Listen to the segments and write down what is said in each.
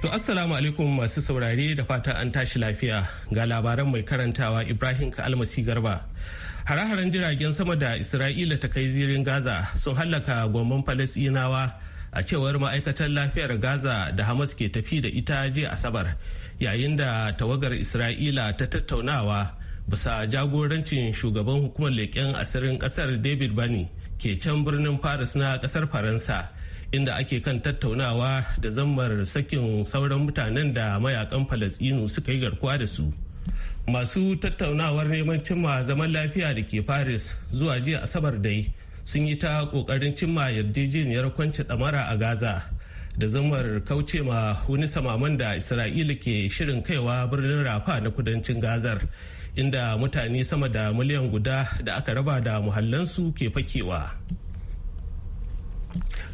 To assalamu alaikum masu saurare da fata an tashi lafiya ga labaran mai karantawa Ibrahim Kalmasi Garba. Hare-haren jiragen sama da Isra'ila ta kai zirin Gaza sun hallaka gomman Falasinawa a cewar ma'aikatan lafiyar Gaza da Hamas ke tafi da ita jiya Asabar yayin da tawagar Isra'ila ta tattaunawa bisa jagorancin shugaban hukumar leƙen asirin ƙasar David Bani ke can birnin Paris na ƙasar Faransa. inda ake kan tattaunawa da zammar sakin sauran mutanen da mayakan falasinu suka yi garkuwa da su masu tattaunawar neman cimma zaman lafiya da ke paris zuwa jiya asabar dai sun yi ta kokarin cimma yarjejeniyar kwanci damara a gaza da zammar kauce ma wani samaman da isra'ila ke shirin kaiwa birnin rafa na kudancin gazar inda mutane sama da miliyan guda da aka raba da muhallansu ke fakewa.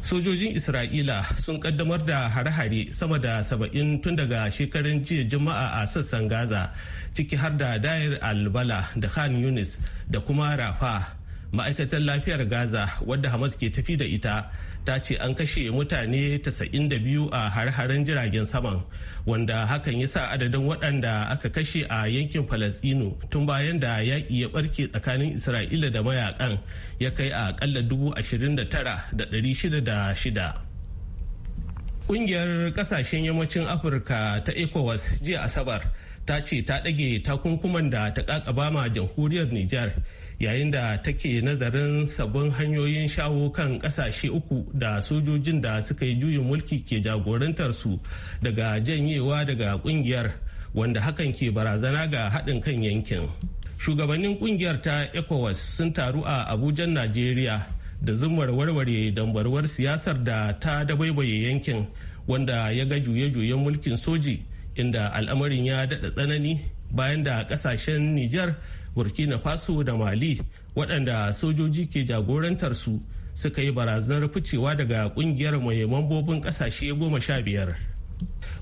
sojojin isra'ila sun kaddamar da hare-hare sama da saba'in tun daga shekarun jiya juma'a a sassan gaza ciki har da dayar albala da khan yunis da kuma rafa ma'aikatar lafiyar gaza wadda hamas ke tafi da ita ta ce an kashe mutane 92 a har-haren jiragen saman wanda hakan ya sa adadin waɗanda aka kashe a yankin falasino tun bayan da yaƙi ya ɓarke tsakanin isra'ila da mayakan ya kai a ƙalla 29,606 Ƙungiyar ƙasashen yammacin Afirka ta ECOWAS jiya Asabar ta ce ta ɗage takunkuman da ta kakaba ma jamhuriyar Nijar yayin da take nazarin sabbin hanyoyin shawo kan kasashe uku da sojojin da suka yi juyin mulki ke jagorantar su daga janyewa daga kungiyar wanda hakan ke barazana ga haɗin kan yankin shugabannin kungiyar ta ecowas sun taru a abujan najeriya da zumar warware dambarwar siyasar da ta dabaibaye yankin wanda ya ga juye-juyen mulkin soji inda al'amarin ya daɗa tsanani bayan da ƙasashen nijar. burkina faso da mali waɗanda sojoji ke jagorantar su suka yi barazanar ficewa daga ƙungiyar mai mambobin ƙasashe goma sha biyar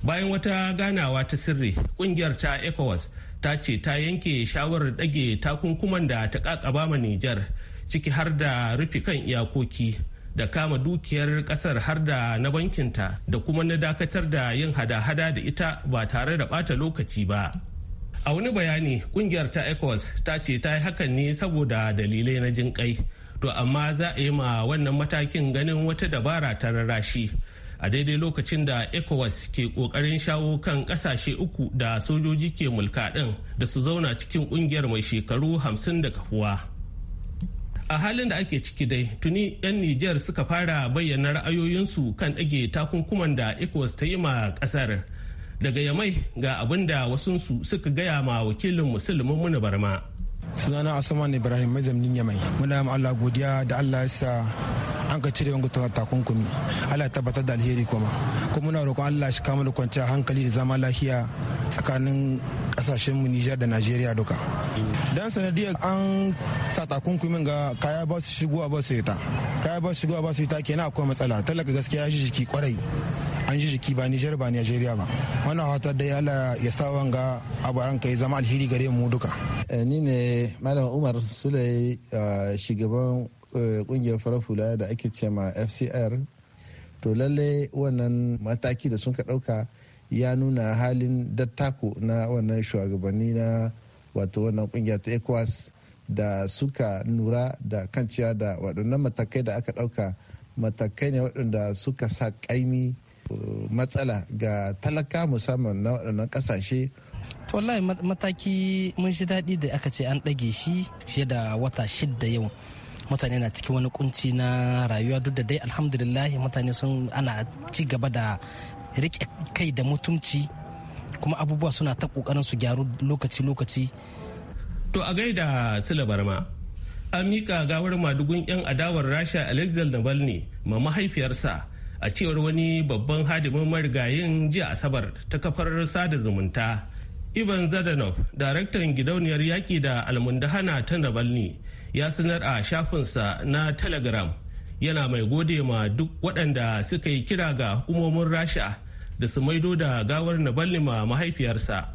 bayan wata ganawa ta sirri ƙungiyar ta ecowas ta ce ta yanke shawarar ɗage takunkuman da ta ƙaƙaba ma nijar ciki har da rufe kan iyakoki da kama dukiyar kasar har da na bankinta da kuma na dakatar da yin hada-hada da ita ba tare da ɓata lokaci ba. a wani bayani kungiyar ta ecowas ta ce ta yi hakan ne saboda dalilai na jin kai to amma za a yi ma wannan matakin ganin wata dabara ta rarrashi a daidai lokacin da ecowas ke kokarin shawo kan kasashe uku da sojoji ke mulka din da su zauna cikin kungiyar mai shekaru hamsin da kafuwa a halin da ake ciki dai tuni 'yan nijar suka fara bayyana ra'ayoyinsu kan ɗage takunkuman da ecowas ta yi ma ƙasar daga yamai ga abin da wasunsu suka gaya ma wakilin musulmin muna barma sunana asuman ibrahim mazamnin yamai muna yamma allah godiya da allah ya sa an ka cire wanga takunkumi allah tabbatar da alheri kuma kuma muna roƙon allah shi kama da kwanciya hankali da zama lafiya tsakanin kasashen mu nijar da nigeria duka dan sanadiyar an sa takunkumin ga kaya ba su shigowa ba su yi ta kaya ba su shigowa ba su yi ta kenan akwai matsala talaka gaskiya ya shi jiki kwarai an ji jiki ba Nijar ba Najeriya ba wannan hata ya Allah ya sa wanga abu an kai zama alheri gare mu duka eh, ni ne malam Umar Sulai eh, shugaban eh, kungiyar farar fula da ake ce ma FCR to lalle wannan mataki da sun ka dauka ya nuna halin dattako na wannan shugabanni na wato wannan kungiyar ta ecowas da suka nura da kanciya da waɗannan matakai da aka ɗauka matakai ne waɗanda suka sa ƙaimi matsala ga talaka musamman na waɗannan ƙasashe wallahi mataki mun shi daɗi da aka ce an ɗage shi fiye da wata shidda yau mutane na cikin wani kunci na rayuwa duk da dai alhamdulillah mutane sun ana ci gaba da riƙe kai da mutunci kuma abubuwa suna ta ƙoƙarin su gyaru lokaci-lokaci to a gaida sila ma an miƙa gawar madugun 'yan adawar rasha alexander navalny ma mahaifiyarsa a cewar wani babban hadimin marigayin jiya asabar ta kafar sada zumunta ivan zadanov daraktan gidauniyar yaƙi da almundahana ta Nabalni ya sanar a shafinsa na telegram yana mai gode ma duk waɗanda suka yi kira ga hukumomin rasha da su maido da gawar navalny ma mahaifiyarsa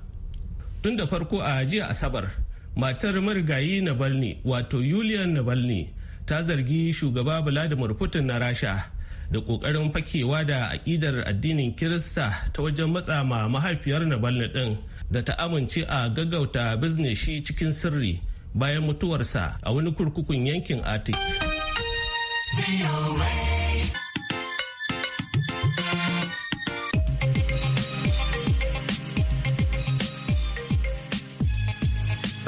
tun da farko a jiya asabar matar marigayi navalny wato yulian navalny ta zargi shugaba vladimir putin na rasha da ƙoƙarin fakewa da aƙidar addinin kirista ta wajen matsa ma mahaifiyar nabalni ɗin da ta amince a gaggauta bizne shi cikin sirri bayan mutuwarsa a wani kurkukun yankin arctic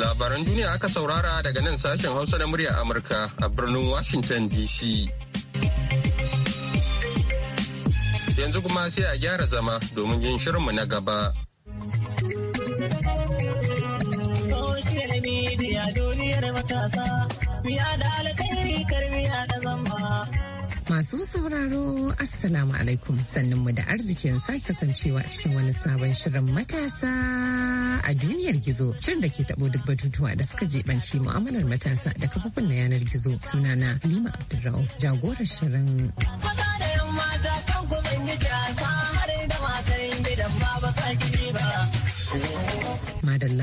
labaran duniya aka saurara daga nan sashen hausa na murya amurka a birnin washington dc Yanzu kuma sai a gyara zama domin yin shirinmu na gaba. Masu sauraro Assalamu alaikum sannunmu da arzikin sake kasancewa cikin wani sabon shirin matasa a duniyar gizo shirin da ke taɓo duk batutuwa da suka jebanci mu'amalar matasa da kafofin na yanar gizo sunana Lima Abdulrauf jagorar shirin. Maza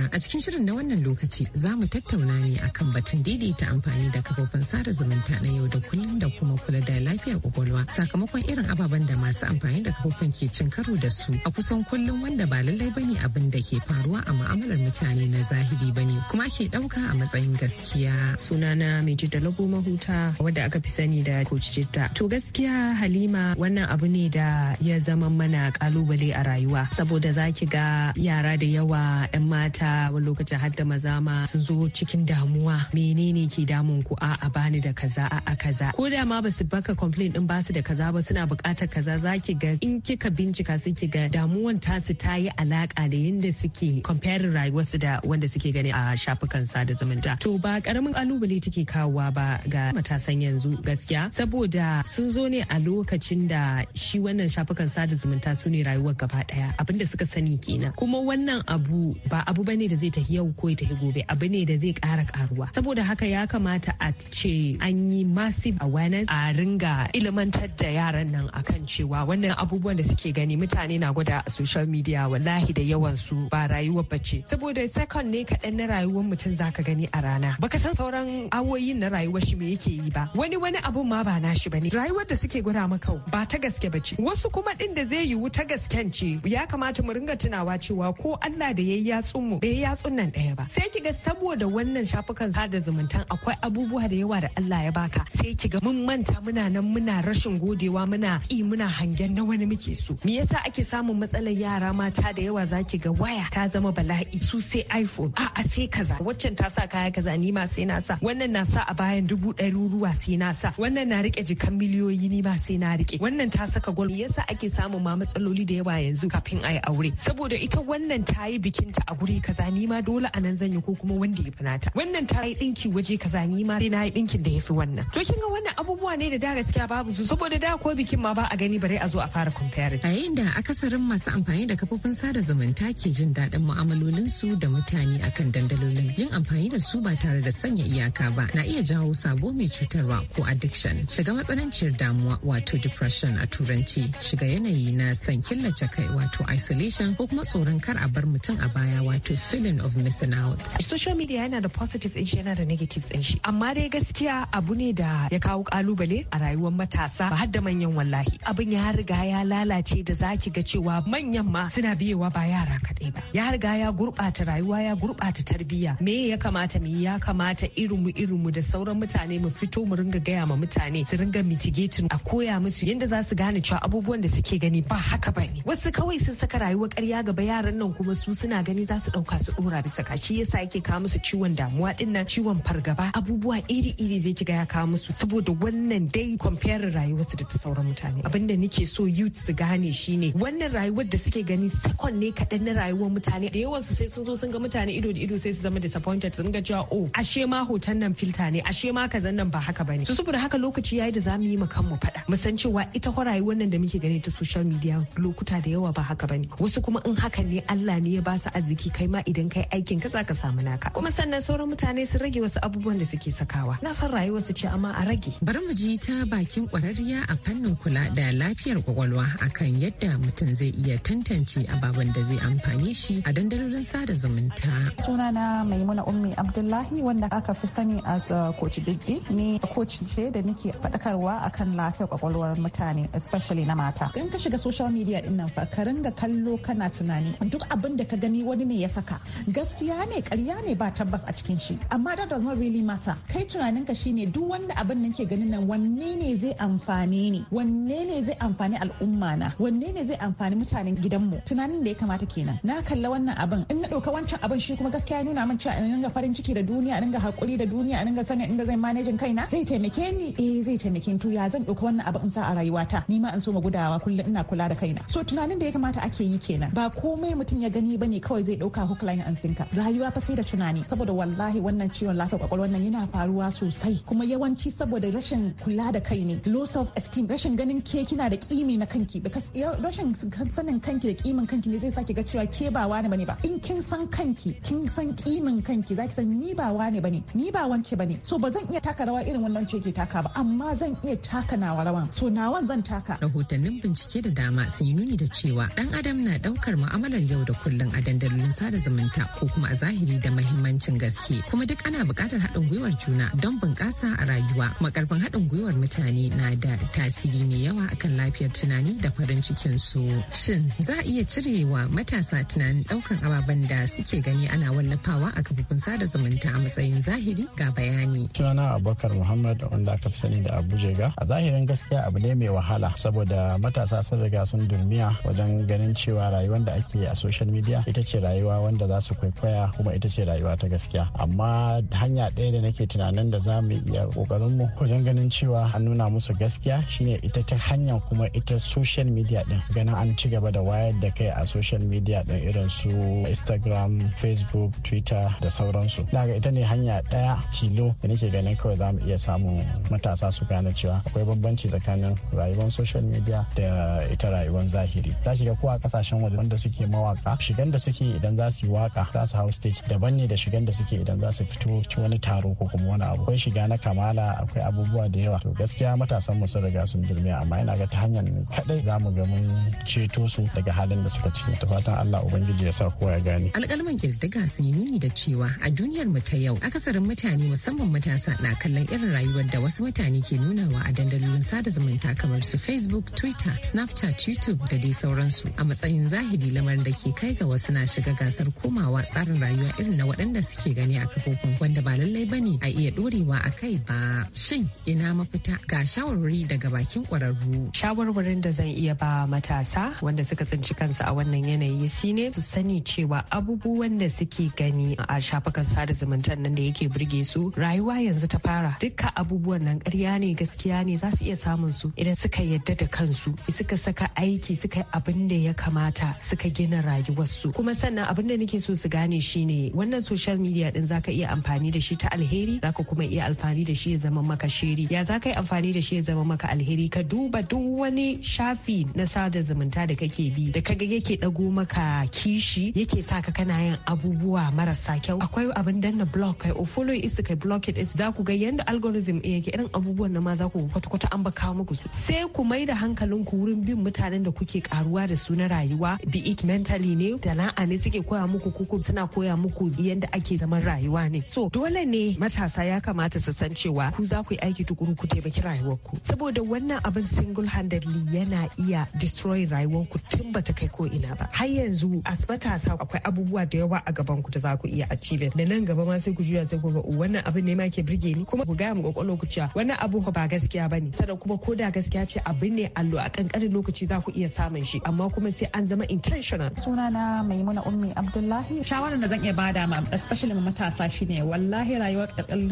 A cikin shirin na wannan lokaci za mu tattauna ne kan batun daidaita amfani da kafofin sada zumunta na yau da kullum da kuma kula da lafiyar kwakwalwa sakamakon irin ababen da masu amfani da kafofin ke cin karo da su a kusan kullum wanda ba lallai bane abin da ke faruwa a mu'amalar mutane na zahiri bane kuma ke dauka a matsayin gaskiya. Sunana mai jidda lagu mahuta wadda aka fi sani da kocijitta. To gaskiya Halima wannan abu ne da ya zama mana kalubale a rayuwa saboda zaki ga yara da yawa 'yan mata wani lokacin har da maza ma sun zo cikin damuwa menene ke damun ku a'a bani da kaza a kaza ko da ma basu baka complain din basu da kaza ba suna bukatar kaza zaki ga in kika bincika sun ki ga damuwan tasu ta yi alaka da yanda suke rayuwar su da wanda suke gani a shafukan sada zumunta to ba karamin kalubale take kawowa ba ga matasan yanzu gaskiya saboda sun zo ne a lokacin da shi wannan shafukan sada zumunta su ne rayuwar gaba daya abinda suka sani kenan kuma wannan abu ba abu bane da zai tafi yau ko ya tafi gobe abu ne da zai ƙara karuwa saboda haka ya kamata a ce an yi massive awareness a ringa ilimantar da yaran nan akan cewa wannan abubuwan da suke gani mutane na gwada a social media wallahi da yawan su ba rayuwar bace saboda second ne kaɗan na rayuwar mutum zaka gani a rana baka san sauran awoyin na rayuwar shi me yake yi ba wani wani abun ma ba nashi bane rayuwar da suke gwada maka ba ta gaske bace wasu kuma din da zai yiwu ta gasken ce ya kamata mu ringa tunawa cewa ko Allah da yayi yatsun mu yatsun nan ɗaya ba sai kiga saboda wannan shafukan sada zumunta akwai abubuwa da yawa da Allah ya baka sai kiga mun manta muna nan muna rashin godewa muna ki muna hangen na wani muke so me yasa ake samun matsalar yara mata da yawa zaki ga waya ta zama bala'i su sai iPhone a'a sai kaza waccan ta sa kaya kaza ni ma sai na sa wannan na sa a bayan dubu ruwa sai na sa wannan na rike jikan miliyoyi ni ma sai na rike wannan ta saka gwal yasa ake samun ma matsaloli da yawa yanzu kafin a yi aure saboda ita wannan ta yi bikinta a guri kaza kaza ni ma dole anan zan yi ko kuma wanda ya fi nata wannan ta yi dinki waje kaza ni ma sai na yi dinkin da ya fi wannan to kin ga wannan abubuwa ne da da gaskiya babu su saboda da ko bikin ma ba a gani bare a zo a fara comparing a yayin da akasarin masu amfani da kafofin sada zumunta ke jin daɗin mu'amalolin su da mutane akan dandalolin yin amfani da su ba tare da sanya iyaka ba na iya jawo sabo mai cutarwa ko addiction shiga matsananciyar damuwa wato depression a turanci shiga yanayi na san killace kai wato isolation ko kuma tsoron kar a bar mutum a baya wato feeling of missing out. Social media yana da positive ɗin shi yana da negatives ɗin shi. Amma dai gaskiya abu ne da ya kawo kalubale a rayuwar matasa ba har da manyan wallahi. Abin ya riga ya lalace da zaki ga cewa manyan ma suna biyewa ba yara kaɗai ba. Ya riga ya gurɓata rayuwa ya gurɓata tarbiyya. Me ya kamata mu ya kamata irinmu irinmu da sauran mutane mu fito mu ringa gaya ma mutane su ringa mitigating a koya musu yadda za su gane cewa abubuwan da suke gani ba haka ba ne. Wasu kawai sun saka rayuwar karya gaba yaran nan kuma su suna gani za su ɗauka masu su dora bisa shi yasa yake kawo musu ciwon damuwa din nan ciwon fargaba abubuwa iri-iri zai kiga ya kawo musu saboda wannan dai compare rayuwarsu da ta sauran mutane abinda nake so youth su gane shine wannan rayuwar da suke gani second ne kaɗan na rayuwar mutane da yawan su sai sun zo sun ga mutane ido da ido sai su zama disappointed sun ga cewa oh ashe ma hoton nan filta ne ashe ma kazan nan ba haka bane su saboda haka lokaci yayi da zamu yi mu kanmu fada. mu san cewa ita kwa rayuwar nan da muke gani ta social media lokuta da yawa ba haka bane wasu kuma in hakan ne Allah ne ya ba su arziki kai ma idan kai aikin ka zaka samu naka kuma sannan sauran mutane su rage wasu abubuwan da suke sakawa na san rayuwar su ce amma a rage bari mu ji ta bakin kwararriya a fannin kula da lafiyar kwakwalwa akan yadda mutum zai iya tantance ababen da zai amfani shi a dandalolin sada zumunta Suna na maimuna ummi abdullahi wanda aka fi sani as coach diddi e. ni coach ce da nake faɗakarwa akan lafiyar kwakwalwar mutane especially na mata in ka shiga social media din nan fa ka ringa kallo kana tunani duk abin da ka gani wani ne ya saka gaskiya ne karya ne ba tabbas a cikin shi amma that does not really matter kai tunanin ka shine duk wanda abin nan ke ganin nan wanne ne zai amfane ni wanne ne zai amfani al'umma na wanne ne zai amfani mutanen gidanmu tunanin da ya kamata kenan na kalla wannan abin in na dauka wancan abin shi kuma gaskiya nuna min cewa in ga farin ciki da duniya in ga hakuri da duniya in ga sanin inda zan kai kaina zai taimake ni eh zai taimake ni to ya zan ɗauka wannan abin in sa a rayuwata ni ma in so gudawa kullum ina kula da kaina so tunanin da ya kamata ake yi kenan ba komai mutum ya gani bane kawai zai ɗauka ko hotline an rayuwa fa sai da tunani saboda wallahi wannan ciwon lafiyar kwakwalwa wannan yana faruwa sosai kuma yawanci saboda rashin kula da kai ne low self esteem rashin ganin ke kina da kimi na kanki because rashin sanin kanki da kimin kanki ne zai saki ga cewa ke ba wani bane ba in kin san kanki kin san kimin kanki zaki san ni ba wani bane ni ba wance bane so ba zan iya taka rawa irin wannan ce ke taka ba amma zan iya taka nawa rawan so nawan zan taka rahotannin bincike da dama sun yi nuni da cewa dan adam na daukar mu'amalar yau da kullum a dandalin sada zumunta zumunta ko kuma a zahiri da mahimmancin gaske kuma duk ana bukatar haɗin gwiwar juna don bunƙasa a rayuwa kuma ƙarfin haɗin gwiwar mutane na da tasiri mai yawa akan lafiyar tunani da farin cikin su shin za a iya cirewa matasa tunanin ɗaukan ababen da suke gani ana wallafawa a kafofin sada zumunta a matsayin zahiri ga bayani sunana abubakar muhammad wanda aka fi sani da ga a zahirin gaskiya abu ne mai wahala saboda matasa sun riga sun durmiya wajen ganin cewa rayuwar da ake a social media ita ce rayuwa wanda za su kwaikwaya kuma ita ce rayuwa ta gaskiya amma hanya ɗaya da nake tunanin da za mu iya ƙoƙarin mu wajen ganin cewa an nuna musu gaskiya shine ita ta hanya kuma ita social media din ganin an ci gaba da wayar da kai a social media din irin su instagram facebook twitter da sauransu daga ita ne hanya ɗaya tilo da nake ganin kawai za mu iya samun matasa su gane cewa akwai bambanci tsakanin rayuwar social media da ita rayuwar zahiri za ki ga kowa kasashen waje wanda suke mawaka shigan da suke idan za su waka za su hau stage daban ne da shigan da suke idan za su fito wani taro ko kuma wani abu akwai shiga na kamala akwai abubuwa da yawa to gaskiya matasan mu sun riga sun girme amma yana ga ta hanyar kadai za mu ga mun ceto su daga halin da suka ciki ta fatan Allah ubangiji ya sa kowa ya gane alƙalman girdiga sun yi nuni da cewa a duniyar mu ta yau akasarin mutane musamman matasa na kallon irin rayuwar da wasu mutane ke nunawa a dandalolin sada zumunta kamar su facebook twitter snapchat youtube da dai sauransu a matsayin zahiri lamarin da ke kai ga wasu na shiga gasar komawa tsarin rayuwa irin na waɗanda suke gani a kafofin wanda ba lallai ba ne a iya ɗorewa a kai ba shin ina mafita ga shawarwari daga bakin ƙwararru shawarwarin da zan iya ba matasa wanda suka tsinci kansu a wannan yanayi shine su sani cewa abubuwan da suke gani a shafukan sada zumunta nan da yake burge su rayuwa yanzu ta fara Duka abubuwan nan ƙarya ne gaskiya ne za su iya samun su idan suka yadda da kansu suka saka aiki suka abin da ya kamata suka gina rayuwarsu kuma sannan abin da nake so su gane shi ne wannan social media din zaka iya amfani da shi ta alheri zaka kuma iya amfani da shi ya zama maka shiri ya zaka yi amfani da shi ya zama maka alheri ka duba duk wani shafi na sada zumunta da kake bi da kaga yake dago maka kishi yake saka kana yin abubuwa marasa kyau akwai abin danna block kai o follow is kai block it is za ga yanda algorithm ɗin yake irin abubuwan na ma za ku kwata kwata an baka muku su sai ku mai da hankalin ku wurin bin mutanen da kuke karuwa da su na rayuwa be it mentally ne da na'a ne suke koya muku muku ko suna koya muku yadda ake zaman rayuwa ne so dole ne matasa ya kamata su san cewa ku za ku yi aiki tukuru ku taimaki rayuwarku saboda wannan abin single handedly yana iya destroy rayuwarku tun ba ta kai ko ina ba har yanzu as matasa akwai abubuwa da yawa a gaban ku da za ku iya achieve da nan gaba ma sai ku juya sai ku ga oh, wannan abin ne ma ke burge ni kuma ku ga mu kokolo ku cewa wannan abu ba gaskiya bane sannan kuma ko da gaskiya ce abin ne allo a kankanin lokaci za ku iya samun shi amma kuma sai an zama intentional sunana maimuna ummi abdullahi wallahi shawarar da zan iya bada ma especially ma matasa shine wallahi rayuwar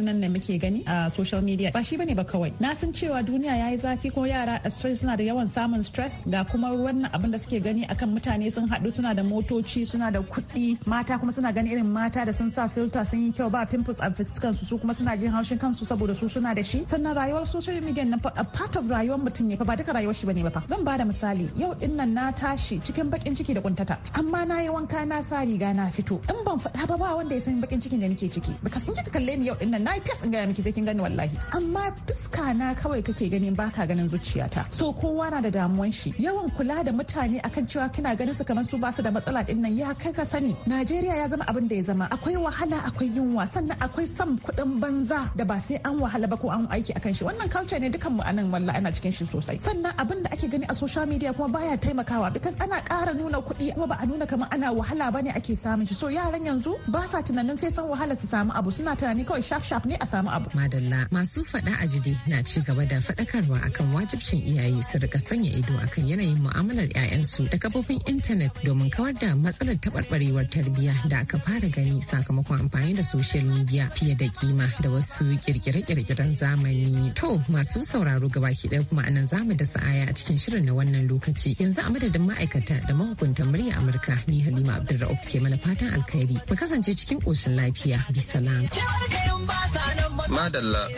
nan da muke gani a social media ba shi bane ba kawai na san cewa duniya ya yi zafi ko yara stress suna da yawan samun stress ga kuma wannan abin da suke gani akan mutane sun hadu suna da motoci suna da kuɗi mata kuma suna gani irin mata da sun sa filter sun yi kyau ba pimples a fuskan su su kuma suna jin haushin kansu saboda su suna da shi sannan rayuwar social media na part of rayuwar mutum ne fa ba duka rayuwar shi bane ba fa zan bada misali yau dinnan na tashi cikin bakin ciki da kuntata amma na yi wanka na sa riga riga na fito in ban faɗa ba ba wanda ya san bakin cikin da nake ciki because in kika kalle ni yau dinnan nan na fes in gaya miki sai kin gani wallahi amma fuska na kawai kake ganin baka ganin zuciyata so kowa na da damuwan shi yawan kula da mutane akan cewa kina ganin su kamar su basu da matsala dinnan ya kai ka sani Najeriya ya zama abin da ya zama akwai wahala akwai yunwa sannan akwai san kuɗin banza da ba sai an wahala ba ko an aiki akan shi wannan culture ne dukan mu anan wallahi ana cikin shi sosai sannan abin da ake gani a social media kuma baya taimakawa because ana ƙara nuna kuɗi kuma ba a nuna kamar ana wahala bane ake samun shi so yaran yanzu ba sa tunanin sai san wahala su samu abu suna tunani kawai shaf shaf ne a samu abu madalla masu faɗa a jide na ci gaba da faɗakarwa akan wajibcin iyaye su rika sanya ido akan yanayin mu'amalar 'ya'yansu da kafofin intanet domin kawar da matsalar taɓarɓarewar tarbiyya da aka fara gani sakamakon amfani da social media fiye da kima da wasu kirkire-kirkiren zamani. To masu sauraro gaba gabaki ɗaya kuma anan zamu da aya a cikin shirin na wannan lokaci. Yanzu a madadin ma'aikata da mahukuntan murya Amurka ni Halima abdulrahman ke mana fatan alkhairi mu kasance cikin koshin lafiya bisalam madalla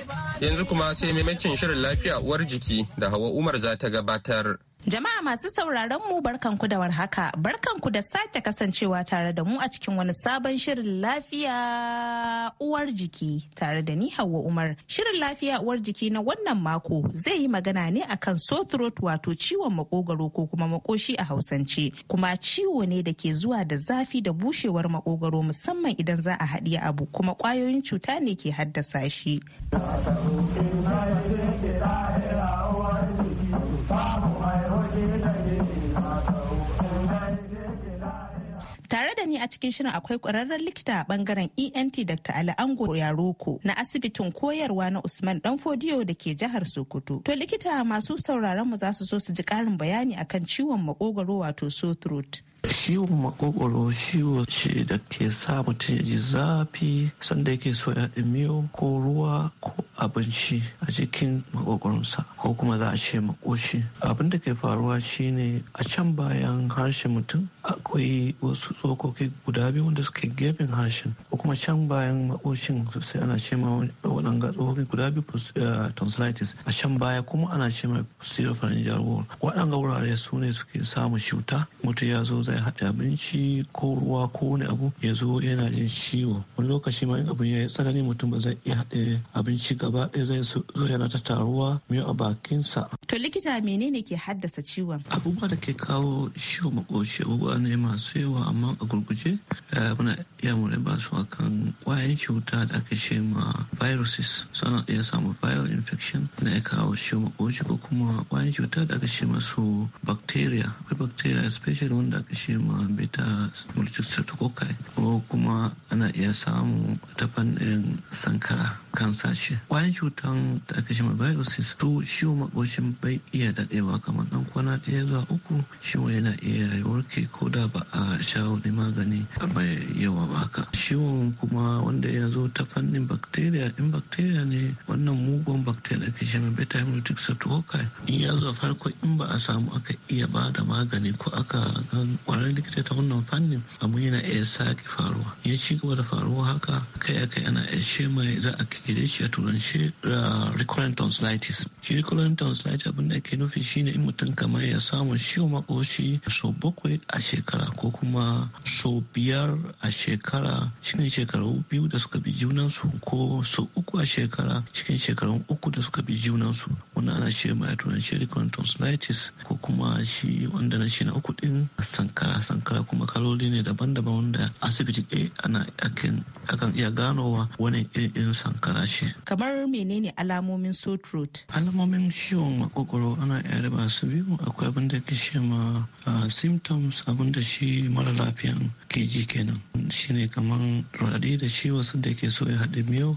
yanzu kuma sai maimakin shirin lafiya uwar jiki da hawa umar za ta gabatar Jama'a masu sauraron mu barkanku da warhaka, barkanku da sake kasancewa tare da mu a cikin wani sabon shirin lafiya uwar jiki tare da ni Hauwa Umar. Shirin lafiya uwar jiki na wannan mako zai yi magana ne akan sotrot wato ciwon makogaro ko kuma makoshi a Hausance, kuma ciwo ne da ke zuwa da zafi da bushewar makogaro musamman idan za a haɗiye abu kuma kwayoyin cuta ne ke haddasa shi. Tare da ni a cikin shirin akwai ƙwararren likita a bangaren ENT Dr. Ali Ango Yaroko na asibitin koyarwa na Usman Danfodiyo da ke jihar Sokoto. To likita masu sauraron mu za su so su ji ƙarin bayani akan ciwon maƙogaro wato sore throat. ciwon makogoro ciwo ce da ke sa mutum ya ji zafi sanda yake so ya miyo ko ruwa ko abinci a cikin makogoronsa ko kuma za a ce makoshi abin da ke faruwa shine a can bayan harshen mutum akwai wasu tsokoki guda biyu wanda suke gefen harshen ko kuma can bayan makoshin sosai ana ce ma waɗanga tsokoki guda biyu eh, tonsillitis a can baya kuma ana ce ma posterior pharyngeal wall waɗanga wurare su ne suke samun cuta mutum ya zo zai haɗa abinci ko ruwa ko wani abu ya zo yana jin ciwo wani lokaci ma in abin ya yi tsanani mutum ba zai iya haɗa abinci gaba ɗaya zai zo yana ta taruwa miyo a bakinsa. To likita menene ke haddasa ciwon? Abubuwa da ke kawo ciwon makoshi abubuwa ne masu yawa amma a gurguje eh, muna iya mu ba su akan kwayan cuta da aka ce ma viruses suna iya samu viral infection na ya kawo ciwon makoshi ko kuma kwayan cuta da aka ce masu bacteria akwai bacteria especially wanda aka ma bita ko kuma ana iya samu ta fannin sankara kansa ce kwayan cutan da aka shi viruses to shi makoshin bai iya dadewa kamar dan kwana ɗaya zuwa uku shi yana iya warke ko da ba a sha wani magani mai yawa ba haka shi kuma wanda ya zo ta fannin bacteria in bacteria ne wannan mugun bacteria ke shi mai beta hemolytic in ya zo farko in ba a samu aka iya ba da magani ko aka kwararren likita ta wannan fannin abu yana iya sake faruwa ya ci gaba da faruwa haka kai a kai ana ishe mai za a kire shi a turance recurrent tonsillitis shi recurrent tonsillitis abin da ke nufi shine in mutum kamar ya samu shiwa makoshi so bakwai a shekara ko kuma so biyar a shekara cikin shekaru biyu da suka bi su. ko so uku a shekara cikin shekaru uku da suka bi junansu wannan ana ce mai a turanci recurrent tonsillitis ko kuma shi wanda na shi na uku din san kala sankara kuma kaloli ne daban-daban wanda asibiti ɗaya eh, ana akan iya ganowa wani irin sankara shi Kamar menene alamomin so throat? Alamomin ciwon makokoro ana iya raba su biyu akwai abin da ke shi ma symptoms abin da shi mara lafiyan ke ji kenan ne kamar raɗaɗi da shi wasu da ke so ya haɗe miyau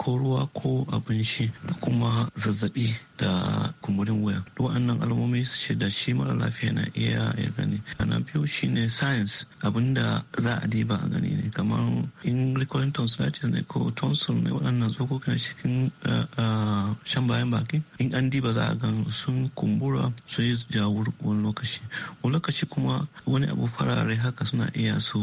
ko ruwa ko abin shi da kuma zazzaɓi da kumburin wuya duk wannan alamomi shi da shi mara lafiya na iya ya gani ana biyu shine science abinda za a diba a gani ne kamar in recurrent tonsillitis ne ko tonsil ne waɗannan na cikin eh, eh, shan bayan baki in an diba za a gan sun kumbura su yi jawur wani lokaci wani lokaci kuma wani abu farare haka suna iya su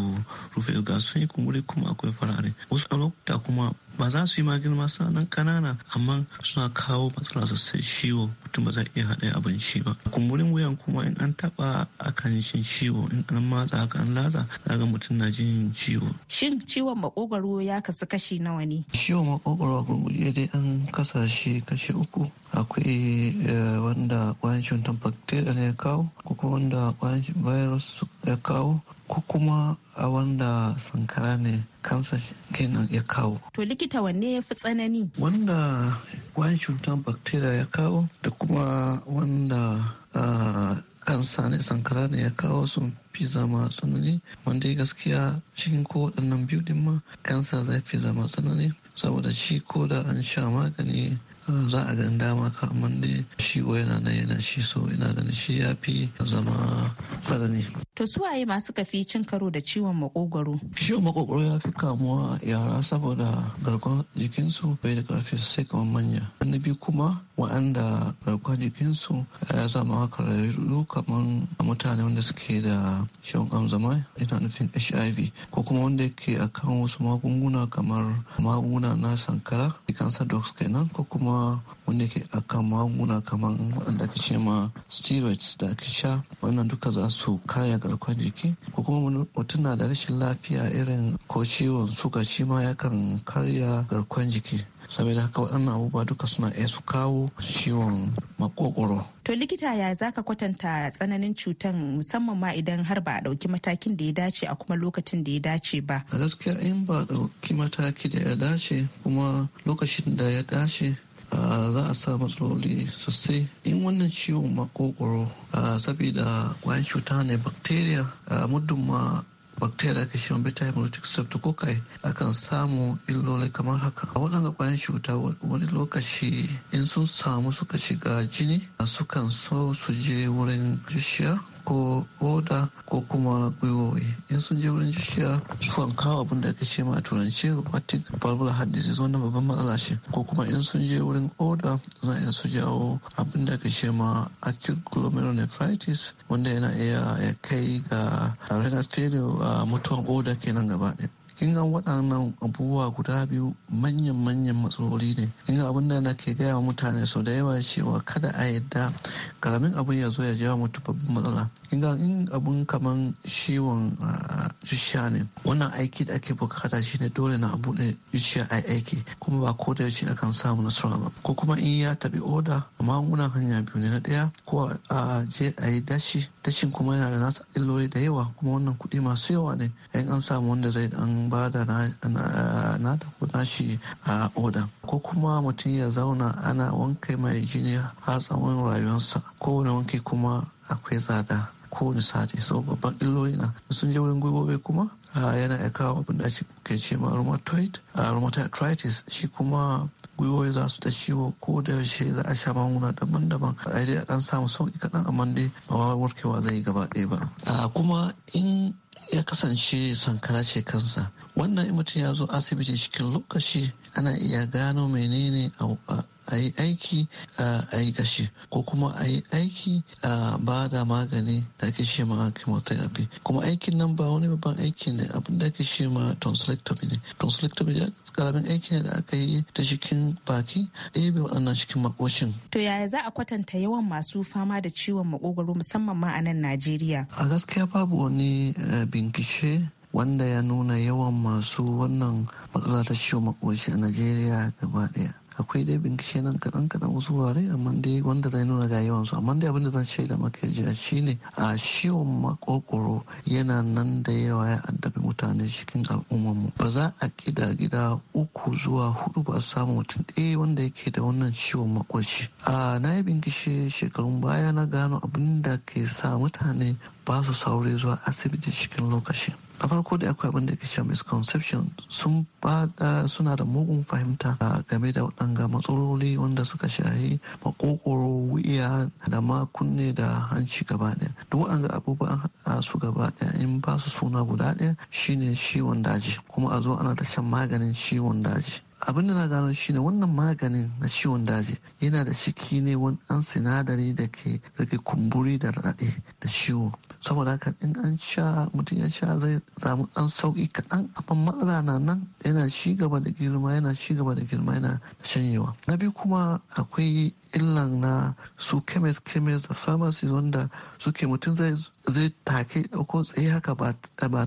rufe ga sun yi kumburi kuma akwai farare wasu lokuta kuma ba za su yi magani masu nan kanana amma suna kawo matsala sosai ciwo mutum ba za iya haɗa abinci ba kumburin wuyan kuma in an taɓa akan shin ciwo in an matsa haka an latsa zaga mutum na jin ciwo. shin ciwon makogwaro ya kasu kashi nawa ne. ciwon makogwaro a gurguje dai an kasa shi kashi uku akwai eh, wanda kwayan cutar bacteria ne ya kawo ko kuma wanda kwayan virus ya kawo ko kuma a wanda sankara ne kansa kenan ya kawo. To likita wanne ya fi tsanani? Wanda kwayan cutar bakteriya ya kawo da kuma wanda uh, kansa ne sankara ne ya kawo sun fi zama tsanani wanda gaskiya cikin ko waɗannan biyu din ma kansa zai fi zama tsanani saboda shi ko da an sha magani za a gan dama ka amma dai shi yana nan yana shi so ina ganin shi ya fi zama tsanani. To su waye masu kafi cin karo da ciwon makogoro? Ciwon makogoro ya fi kamuwa yara saboda garkuwar jikinsu bai da karfi sosai kamar manya. Na biyu kuma wa'anda garkuwar jikinsu ya zama haka rarru kamar mutane wanda suke da ciwon kamzama ina nufin HIV ko kuma wanda yake akan wasu magunguna kamar magunguna na sankara cancer drugs kenan ko kuma wanda yake akan magunguna kamar wanda ake ce ma steroids da ake sha wannan duka za su kare garkuwar jiki ko kuma mutum na da rashin lafiya irin ko ciwon suga shi ma yakan karya garkon jiki saboda haka waɗannan abubuwa duka suna iya su kawo ciwon makokoro. To likita ya za ka kwatanta tsananin cutan musamman ma idan har ba a ɗauki matakin da ya dace a kuma lokacin da ya dace ba. A gaskiya in ba a ɗauki mataki da ya dace kuma lokacin da ya dace za a sa matsaloli sosai in wannan ciwon makokoro saboda kwayan cuta ne A muddin ma bakteriya ka shi beta hemolytic streptococci akan samu illoli kamar haka a waɗanda kwayan cuta wani lokaci in sun samu suka shiga jini sukan so su je wurin zuciya ko oda ko kuma gwiwowi in sun je wurin jishiya sukan kawo abin da ake ma a turanci rheumatic valvular heart disease wannan babban matsala ce ko kuma in sun je wurin oda za a iya su jawo abin da ake ce ma acute glomerulonephritis wanda yana iya kai ga renal failure a mutuwan oda kenan gaba ɗaya kin ga waɗannan abubuwa guda biyu manyan manyan matsaloli ne kin ga abin da na ke gaya wa mutane sau da yawa cewa kada a yadda karamin abin ya zo ya jawo mutum babban matsala kin ga in abun kamar ciwon zuciya ne wannan aiki da ake bukata ne dole na abu buɗe zuciya a aiki kuma ba ko da yaushe akan samu nasara ba ko kuma in ya tabi oda magungunan hanya biyu ne na ɗaya ko a je a yi dashi dashin kuma yana da nasa illoli da yawa kuma wannan kuɗi masu yawa ne in an samu wanda zai dan ba da nata ko nashi a odan ko kuma mutum ya zauna ana wanke mai jini har tsawon rayuwarsa kowane wanke kuma akwai tsada kowane sati sau babban illoli na sun je wurin gwiwowi kuma yana ya kawo abin da ke ce ma rheumatoid arthritis shi kuma gwiwoyi za su ta ciwo ko da yaushe za a sha magunguna daban-daban a dai a dan samu sauki kaɗan amma dai ba warkewa zai gaba ɗaya ba kuma in ya kasance sankara ce kansa wannan in mutum ya zo asibiti cikin lokaci ana iya gano menene a yi aiki a yi gashi ko kuma a yi aiki a ba da magani da ake shema a chemotherapy kuma aikin nan ba wani babban aiki ne abin da ake shema tonsillectomy ne tonsillectomy ya karamin aiki ne da aka yi ta cikin baki ɗebe waɗannan cikin makoshin. to yaya za a kwatanta yawan masu fama da ciwon makogwaro musamman ma a nan najeriya a gaskiya babu wani eh, bincike wanda ya nuna yawan masu wannan matsala ta ciwon makoshi a najeriya gaba daya akwai dai bincike nan kaɗan kaɗan wasu wurare amma dai wanda zai nuna ga yawan su amma dai abinda zan shaida maka a shine a ciwon makokoro yana nan da yawa ya addabi mutane cikin al'ummar mu ba za a kida gida uku zuwa hudu ba samu mutum ɗaya wanda yake da wannan ciwon makoshi a na yi bincike shekarun baya na gano abinda ke sa mutane ba su saure zuwa asibiti cikin lokaci na farko da akwai abin da ke cewa misconception sun bada eh, suna da mugun fahimta eh, game da waɗanga matsaloli wanda suka shahi makokoro wuya da ma kunne da hanci gaba ɗaya duk waɗanga abubuwan haɗa su gaba ɗaya in ba su suna guda ɗaya shine ciwon daji kuma a zo ana da shan maganin ciwon daji abin da na gano shine wannan maganin na ciwon daji yana da ciki ne wani an sinadari da ke rage kumburi da raɗe da ciwo saboda haka in an sha mutum ya sha zai samu an sauki kaɗan amma matsala na nan yana ci gaba da girma yana ci gaba da girma yana shanyewa na biyu kuma akwai illan na su chemist chemist da pharmacy wanda suke mutum zai zai take ko tsaye haka ba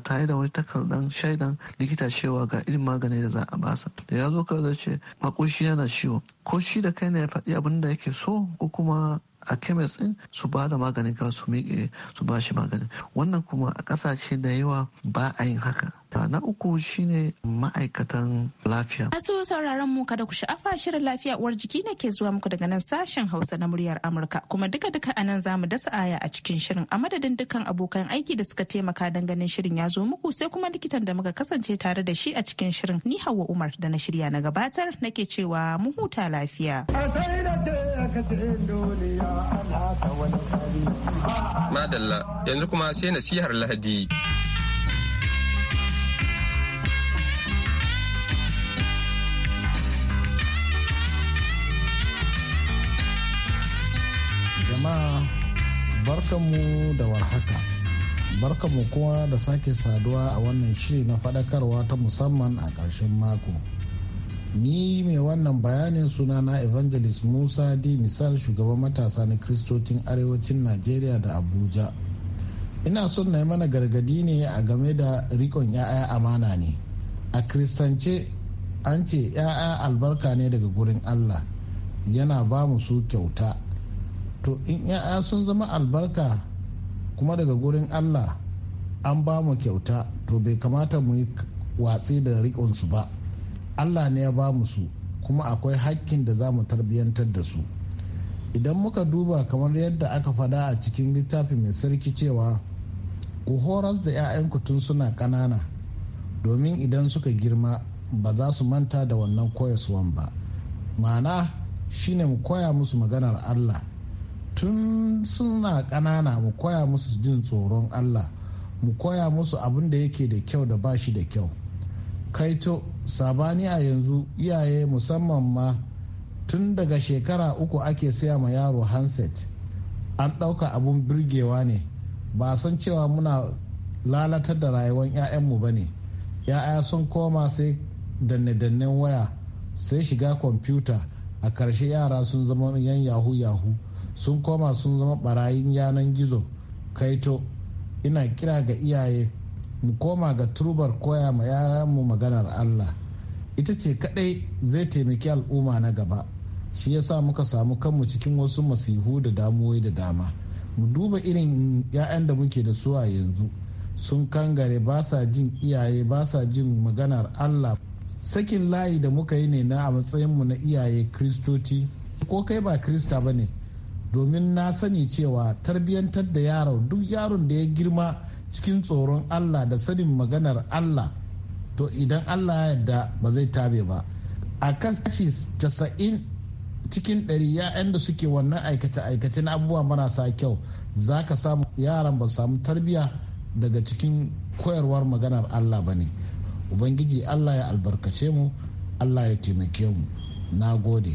tare da wani takardan shaidan likita cewa ga irin magani da za a basa da ya zo zuka da ce makoshi yana ciwo ko shi da kai ne ya faɗi abin da yake so ko kuma a kemis din su ba da maganin ka su miƙe su ba shi maganin wannan kuma a ƙasashe da yawa ba a yin haka Na uku shine ma'aikatan lafiya. Masu sauraron mu kada ku sha'afa shirin lafiya uwar jiki ne ke zuwa muku daga nan sashen Hausa na muryar Amurka kuma duka duka anan za mu dasa aya a cikin shirin a madadin dukkan abokan aiki da suka taimaka don ganin shirin ya zo muku sai kuma likitan da muka kasance tare da shi a cikin shirin ni Hauwa Umar da na shirya na gabatar nake cewa mu huta lafiya. Madalla yanzu kuma sai nasihar Lahadi. barkanmu da warhaka barkanmu kuma da sake saduwa a wannan shi na faɗakarwa ta musamman a ƙarshen mako ni mai wannan bayanin suna na evangelist musa di misal shugaban matasa na kristocin arewacin najeriya da abuja ina son na yi mana gargadi ne a game da rikon 'ya'ya amana ne a kristance an ce 'ya'ya albarka ne daga gurin allah yana ba mu su kyauta to in 'ya'ya sun zama albarka kuma daga gurin allah an ba mu kyauta to bai kamata mu yi watsi da riƙonsu ba allah ne ya ba mu su kuma akwai hakkin da za mu tarbiyyantar da su idan muka duba kamar yadda aka fada a cikin littafi mai sarki cewa ku horas da 'ya'yanku tun suna ƙanana domin idan suka girma ba za su manta da wannan koyaswan ba ma'ana shine mu koya musu maganar allah tun suna ƙanana mu koya musu jin tsoron allah mu koya musu abin da yake da kyau da ba shi da kyau kaito sabani a yanzu iyaye musamman ma tun daga shekara uku ake siya ma yaro handset an ɗauka abun birgewa ne ba san cewa muna lalatar da rayuwar 'ya'yanmu ba ne ya'ya sun koma sai danne-dannen waya sai shiga kwamfuta a ƙarshe yara sun zama yan yahu-yahu sun koma sun zama barayin yanan gizo kaito ina kira ga iyaye mu koma ga turbar koya ma yayanmu maganar allah ita ce kadai zai taimaki al'umma na gaba shi yasa muka samu kanmu cikin wasu masihu da damuwoyi da dama mu duba irin 'ya'yan da muke da su a yanzu sun kangare ba sa jin iyaye ba sa jin maganar allah sakin layi da muka yi ne na a matsayinmu na iyaye kristoci ko kai ba krista ba ne domin na sani cewa tarbiyyantar da yaro duk yaron da ya girma cikin tsoron allah da sanin maganar allah to idan allah ya yarda ba zai tabe ba a kashi 90 cikin ɗari ya'yan da suke wannan aikace-aikace na abubuwa marasa kyau za ka samu yaran ba samu tarbiyya daga cikin koyarwar maganar allah ba ne ubangiji allah ya albarkace mu allah ya taimake mu na gode.